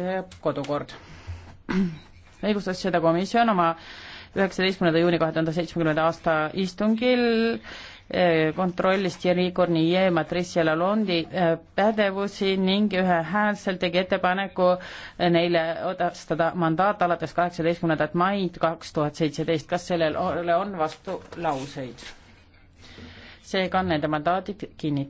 Äh, kodukord. õigusasjade komisjon oma üheksateistkümnenda juuni kahe tuhande seitsmekümnenda aasta istungil äh, kontrollis Thierry Cornier ja Patricia Lalondi äh, pädevusi ning ühehäälselt tegi ettepaneku neile edastada mandaat alates kaheksateistkümnendat maid kaks tuhat seitseteist. kas sellele on vastulauseid? seega on nende mandaadid kinnitatud.